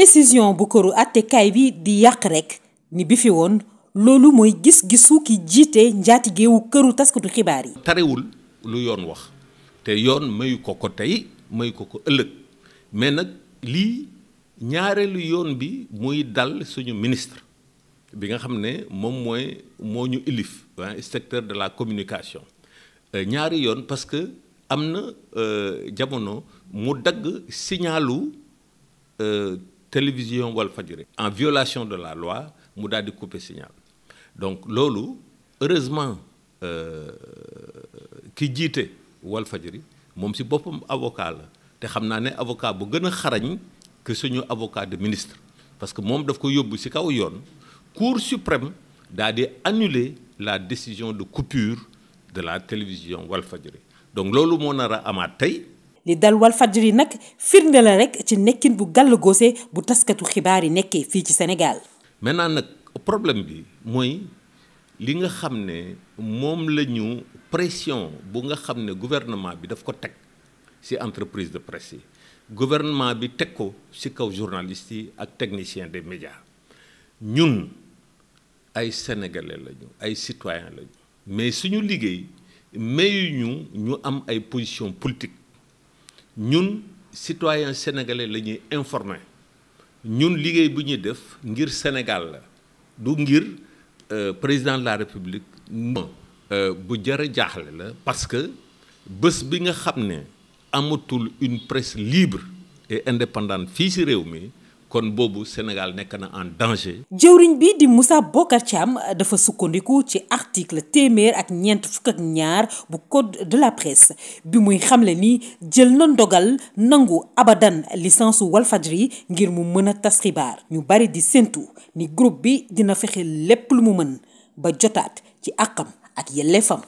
décision bu këru àttekaay bi di yàq rekk ni bi fi woon loolu mooy gis-gisu ki jiite njaatigeewu këru taskatu xibaar yi. tarewul lu yoon wax te yoon mayu ko ko tey mayu ko ko ëllëg mais nag lii ñaareelu yoon bi muy dal suñu ministre bi nga xam ne moom mooy moo ñu ilif inspecteur de la communication euh, ñaari yoon parce am na euh, jamono mu dagg signalu euh, télévision Walfadjri en violation de la loi mu daal di couper signal donc loolu heureusement euh, ki jiite Walfadjri moom si boppam avocat la te xam naa ne avocat bu gën a xarañ que suñu avocat de ministre parce que moom daf ko yóbbu si kaw yoon cour suprême daal di annuler la décision de coupure de la télévision Walfadjri donc loolu moo nar a amaat tey. li dal Walfadjri nag firnde la rek ci nekkin bu gàll goose bu taskatu xibaar yi nekkee fii ci Sénégal. maintenant nag problème bi mooy li nga xam ne moom la ñu pression bu nga xam ne gouvernement bi daf ko teg ci entreprise de presse yi gouvernement bi teg ko ci kaw journalistes yi ak techniciens des médias ñun ay sénégalais lañu ay citoyens lañu mais suñu liggéey. mayuñu ñu ñu am ay position politique ñun citoyen sénégalais la ñuy informé ñun liggéey bu ñuy def ngir Sénégal la du ngir euh, président de la République euh, bu jara jaaxle la parce que bés bi nga xam ne amatul une presse libre et indépendante fii ci réew mi kon boobu Sénégal nekk na en danger. jëwriñ bi di Moussa Bocar Thiam dafa sukkandiku ci article téeméer ak ñeent fukk ak ñaar bu code de la presse bi muy xamle ni jël na ndogal nangu abadan licence Walfadjri ngir mu mën a tas xibaar. ñu bari di séntu ni groupe bi dina fexe lépp lu mu mën ba jotaat ci àqam ak yelleefam.